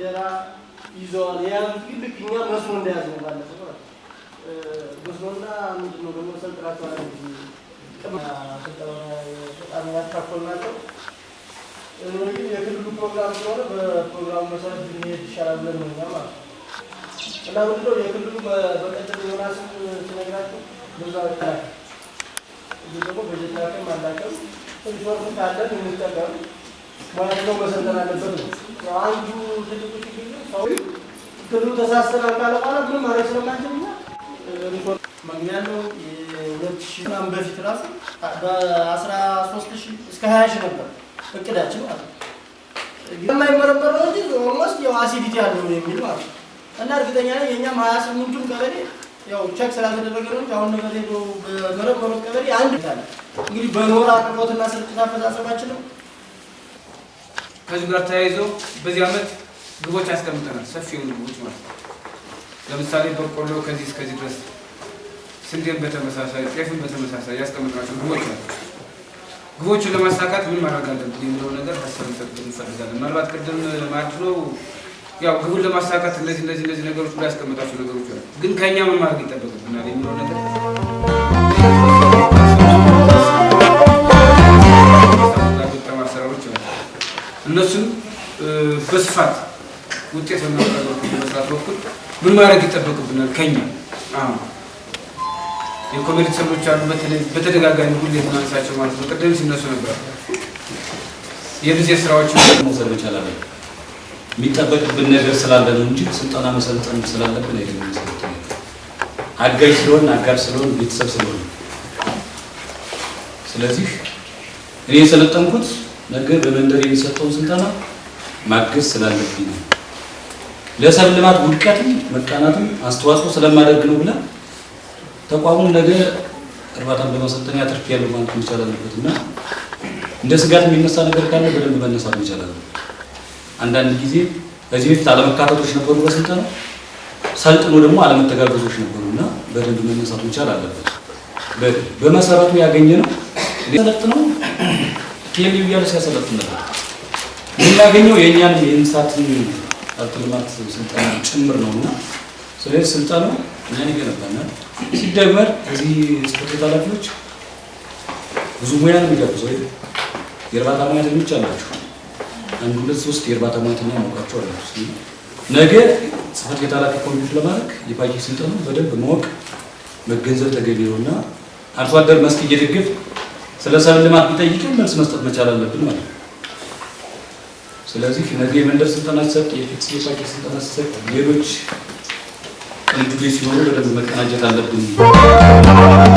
ደራ ይዘዋል። የያዙት ልክ እኛ መስኖ እንደያዝ ነው። ባለፈው መስኖና ምንድን ነው ደግሞ ሰንጥራቸዋል። በጣም ያካፈሉ ናቸው። የክልሉ ፕሮግራም ስለሆነ በፕሮግራሙ መሰረት ብንሄድ ይሻላል ብለን ነው እኛ ማለት ነው። እና ምንድን ነው የክልሉ በቀደም የሆናስን ስነግራቸው ብዙ ደግሞ በጀት ላከም አላከም ኢንሾርንስ ካለን የምንጠቀም ሙያቸው መሰልጠን አለበት ነው አንዱ ትልቁ ሰው ክሉ ተሳስተናል ካለ በኋላ ምን ማድረግ ስለማንችል ምክንያቱ የሁለት ሺህ ምናምን በፊት ራሱ በአስራ ሦስት ሺህ እስከ ሀያ ሺህ ነበር እቅዳችን ማለት ነው። የማይመረመረው እንጂ ኦልሞስት ያው አሲዲቲ ያለው የሚል ማለት ነው እና እርግጠኛ ነኝ የእኛም ሀያ ስምንቱም ቀበሌ ያው ቸክ ስላልተደረገ ነው። አሁን ነገር ሄዶ በመረመሩት ቀበሌ አንድ ታለ እንግዲህ በኖር አቅርቦትና ስርጭት አፈጻጸማችን ነው ከዚህ ጋር ተያይዞ በዚህ ዓመት ግቦች ያስቀምጠናል። ሰፊ የሆኑ ግቦች ማለት ነው። ለምሳሌ በቆሎ ከዚህ እስከዚህ ድረስ፣ ስንዴን በተመሳሳይ ጤፍን በተመሳሳይ ያስቀምጥናቸው ግቦች ናቸው። ግቦቹን ለማሳካት ምን ማድረግ አለብን የሚለው ነገር ሀሳብ ሰጥ እንፈልጋለን። ምናልባት ቅድም ነው ያው ግቡን ለማሳካት እነዚህ እነዚህ እነዚህ ነገሮች ብሎ ያስቀምጣቸው ነገሮች አሉ። ግን ከእኛ ምን ማድረግ ይጠበቅብናል የሚለው ነገር በስፋት ውጤት በመስራት በኩል ምን ማድረግ ይጠበቅብናል ከኛ? የኮሜዲ ሰሎች አሉ። በተደጋጋሚ ሁሌ የምናነሳቸው ማለት ነው። ቅድም ሲነሱ ነበር። የጊዜ ስራዎች መውሰድ የሚጠበቅብን ነገር ስላለ ነው እንጂ ስልጠና መሰልጠን ስላለብን አይደለም። አጋዥ ስለሆን አጋር ስለሆን ቤተሰብ ስለሆን፣ ስለዚህ እኔ የሰለጠንኩት ነገር በመንደር የሚሰጠውን ስልጠና ማገዝ ስላለብኝ ነው። ለሰብ ልማት ውድቀትም መቃናትም አስተዋጽኦ ስለማደርግ ነው ብለን። ተቋሙን ነገ እርባታን በማሰልጠን ያትርፍ ያለው ማለት መቻል አለበት እና እንደ ስጋት የሚነሳ ነገር ካለ በደንብ መነሳት ይቻላል። አንዳንድ ጊዜ በዚህ በፊት አለመካተቶች ነበሩ በስልጠና ሰልጥኖ ደግሞ አለመተጋገዞች ነበሩ እና በደንብ መነሳት መቻል አለበት። በመሰረቱ ያገኘ ነው ሰለጥነው ቴሌቪዥን ሲያሰለጥን ነበር የምናገኘው የእኛን የእንስሳት ሀብት ልማት ስልጠና ጭምር ነው እና ስለዚህ ስልጠና እኛን ይገነባናል። ሲደመር እዚህ ስፖርት ኃላፊዎች ብዙ ሙያ ነው የሚጋብዙ ወይ የእርባታ ሙያተኞች አላቸው። አንድ ሁለት ሶስት የእርባታ ትና ያሞቃቸው አላቸው። ነገ ጽህፈት ቤት ኃላፊ ኮሚኒቲ ለማድረግ የፓኬጅ ስልጠና በደንብ ማወቅ መገንዘብ ተገቢ ነው እና አርሶ አደር መስክ እየደግፍ ስለ ሰብል ልማት ቢጠይቅን መልስ መስጠት መቻል አለብን ማለት ነው። ስለዚህ እነዚህ የመንደር ስልጠና ሲሰጥ፣ የፊት ፓኬጅ ስልጠና ሲሰጥ፣ ሌሎች ቅንጅቶች ሲሆኑ በደንብ መቀናጀት አለብን።